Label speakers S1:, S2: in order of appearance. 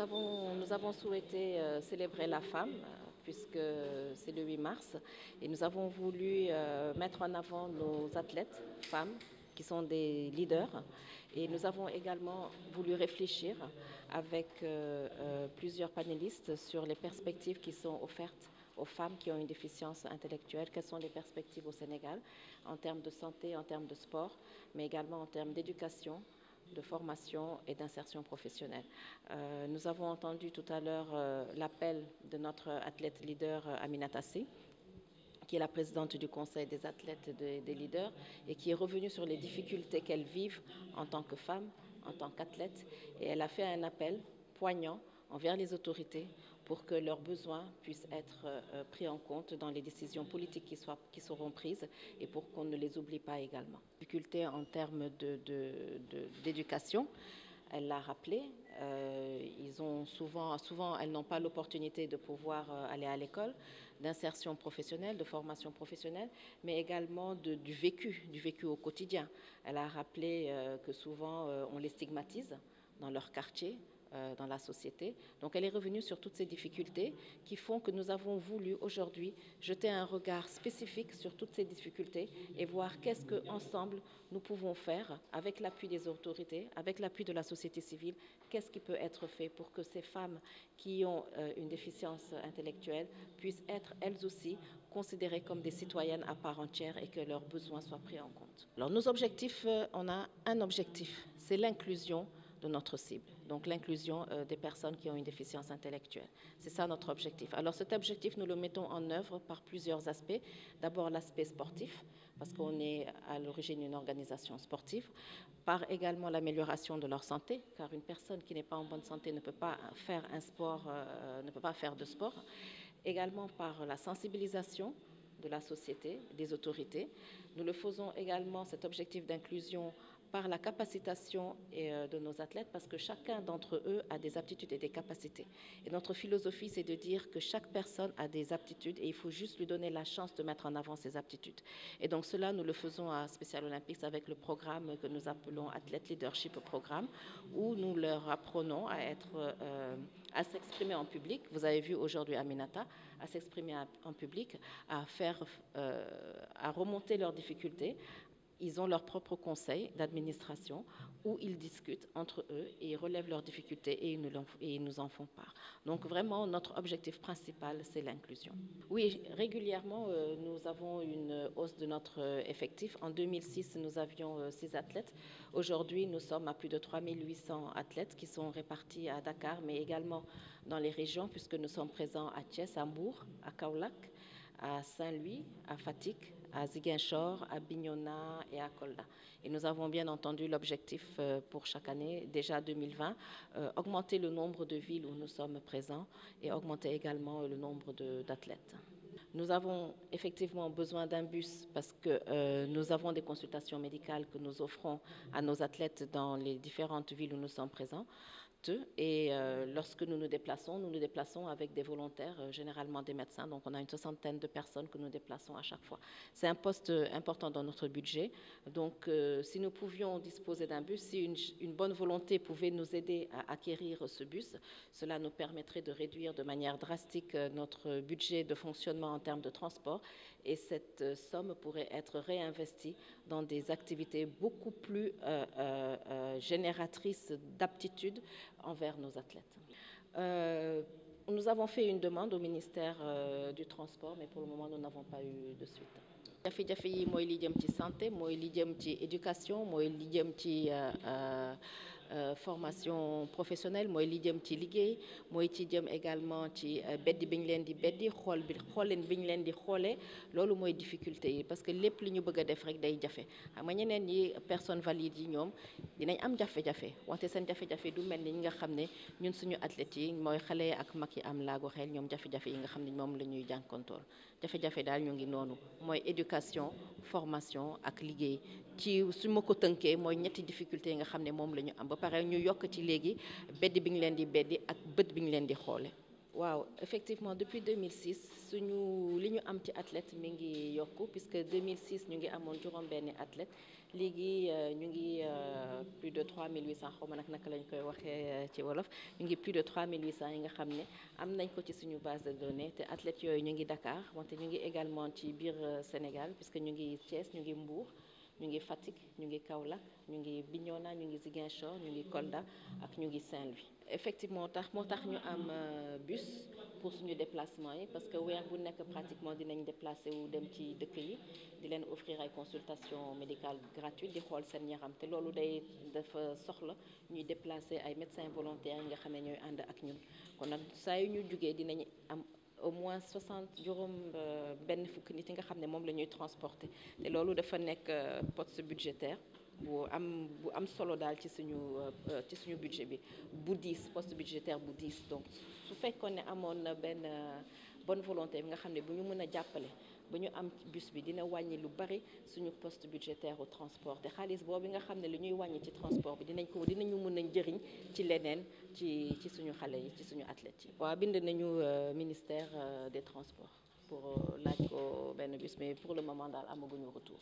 S1: nous avons, souhaité euh, célébrer la femme puisque c'est le 8 mars et nous avons voulu euh, mettre en avant nos athlètes femmes qui sont des leaders et nous avons également voulu réfléchir avec euh, plusieurs panélistes sur les perspectives qui sont offertes aux femmes qui ont une déficience intellectuelle, quelles sont les perspectives au Sénégal en termes de santé, en termes de sport, mais également en termes d'éducation, de formation et d'insertion professionnelle. Euh, nous avons entendu tout à l'heure euh, l'appel de notre athlète leader euh, Amina Tassé, qui est la présidente du Conseil des athlètes et des leaders et qui est revenue sur les difficultés qu'elle vit en tant que femme, en tant qu'athlète. Et elle a fait un appel poignant envers les autorités, pour que leurs besoins puissent être euh, euh, pris en compte dans les décisions politiques qui, soient, qui seront prises et pour qu'on ne les oublie pas également. La difficulté en termes d'éducation, elle l'a rappelé, euh, ils ont souvent, souvent elles n'ont pas l'opportunité de pouvoir aller à l'école, d'insertion professionnelle, de formation professionnelle, mais également du vécu, du vécu au quotidien. Elle a rappelé que souvent on les stigmatise dans leur quartier, euh, dans la société. Donc elle est revenue sur toutes ces difficultés qui font que nous avons voulu aujourd'hui jeter un regard spécifique sur toutes ces difficultés et voir qu'est-ce que ensemble nous pouvons faire avec l'appui des autorités, avec l'appui de la société civile, qu'est-ce qui peut être fait pour que ces femmes qui ont euh, une déficience intellectuelle puissent être elles aussi considérées comme des citoyennes à part entière et que leurs besoins soient pris en compte. Alors nos objectifs, euh, on a un objectif, c'est l'inclusion de notre cible, donc l'inclusion euh, des personnes qui ont une déficience intellectuelle. C'est ça notre objectif. Alors cet objectif, nous le mettons en œuvre par plusieurs aspects. D'abord l'aspect sportif, parce qu'on est à l'origine d'une organisation sportive, par également l'amélioration de leur santé, car une personne qui n'est pas en bonne santé ne peut pas faire un sport, euh, ne peut pas faire de sport. Également par la sensibilisation de la société, des autorités. Nous le faisons également, cet objectif d'inclusion par la capacitation euh, de nos athlètes parce que chacun d'entre eux a des aptitudes et des capacités. Et notre philosophie, c'est de dire que chaque personne a des aptitudes et il faut juste lui donner la chance de mettre en avant ses aptitudes. Et donc cela, nous le faisons à Special Olympics avec le programme que nous appelons Athlète Leadership Programme, où nous leur apprenons à être... Euh, à s'exprimer en public. Vous avez vu aujourd'hui Aminata, à s'exprimer en public, à faire, euh, à remonter leurs difficultés, ils ont leur propre conseil d'administration où ils discutent entre eux et relèvent leurs difficultés et ils, nous, en font part. Donc vraiment, notre objectif principal, c'est l'inclusion. Oui, régulièrement, euh, nous avons une hausse de notre euh, effectif. En 2006, nous avions euh, six athlètes. Aujourd'hui, nous sommes à plus de 3800 athlètes qui sont répartis à Dakar, mais également dans les régions, puisque nous sommes présents à Thiès, à Hambourg, à Kaolack, à Saint-Louis, à Fatik à Ziguinchor, à Bignona et à Kolda. Et nous avons bien entendu l'objectif euh, pour chaque année, déjà 2020, euh, augmenter le nombre de villes où nous sommes présents et augmenter également euh, le nombre d'athlètes. Nous avons effectivement besoin d'un bus parce que nous avons des consultations médicales que nous offrons à nos athlètes dans les différentes villes où nous sommes présents. Et euh, lorsque nous nous déplaçons, nous nous déplaçons avec des volontaires, euh, généralement des médecins. Donc on a une soixantaine de personnes que nous déplaçons à chaque fois. C'est un poste euh, important dans notre budget. Donc si nous pouvions disposer d'un bus, si une, une, bonne volonté pouvait nous aider à acquérir ce bus, cela nous permettrait de réduire de manière drastique notre budget de fonctionnement en termes de transport. Et cette somme pourrait être réinvestie dans des activités beaucoup plus euh, euh, euh, génératrices d'aptitudes envers nos athlètes. nous avons fait une demande au ministère du Transport, mais pour le moment, nous n'avons pas eu de suite. santé éducation euh, formation professionnelle moy li jëm ci liggéey moy ci dem également ci euh, beddi biñ len di beddi xol bi xooleen bi ñu di xolé lolou moy difficulté yi parce que lepp li ñu bëgg def rek day jafé xam nga ñeneen yi personne valide yi ñom dinañ am jafé jafe wante seen jafé jafé du melni ñi nga xamné ñun suñu athlètes yi mooy xale ak mag yi am laago xel ñom jafé jafé yi nga xamné mom lañuy jankontor jafé jafé daal ñu ngi nonu moy éducation formation ak liggéey ci su ma ko tënkee mooy ñetti difficulté nga xamné mom lañu am ba paré ñu yok ci légui beddi bi ñu leen di beddi ak bëtt bi ñu leen di xolé Wow, effectivement depuis 2006 nous li ñu am ci athlète mi ngi yokku puisque 2006 nous ngi amone juróom-benni athlète Nous euh, ñu euh, plus de 3800 800, nak nous lañ koy euh, ci wolof ñu ngi plus de 3800 yi nga xamné avons am nañ ko ci suñu base de données té athlètes de ñu ngi Dakar nous ñu ngi également ci bir Sénégal puisque ñu ngi Thiès ñu ngi Mbour ñu ngi Fatick ñu ngi Kaolack ñu ngi biñona ñu ngi Ziguinchor ñu ngi Kolda ak ñu ngi Saint-Louis effectivement tax moo tax ñu am euh, bus pour suñu déplacement yi parce que weer bu nekk pratiquement dinañ déplacé wu dem ci dëkk yi di leen offrir ay consultation médicale gratuite di xool seen yaram te loolu day dafa soxla ñuy déplacé ay médecins volontaires nga xam ne ñooy ànd ak ñun kon nag saa yu ñu jugee dinañ am au moins soixante juróom euh, benn fukki nit yi nga xam ne moom la ñuy transporter te loolu dafa nek euh, poste budgétaire bu am bu am solo daal ci suñu euh, ci suñu budget bi bu dix poste budgétaire bu dix donc su fekkoon ne amoon ben bonne volonté bi nga xam ne bu ñu mën a bañu ñu am bus bi dina wañi lu bari suñu poste budgétaire au transport te xaliss bobu nga xamné li ñuy wañi ci transport bi dinañ ko dinañu mënañ jëriñ ci leneen ci ci suñu xalé yi ci suñu athlète yi. wa bind nañu euh, ministère euh, des transports pour euh, laj ko ben bus mais pour le moment dal amaguñu retour.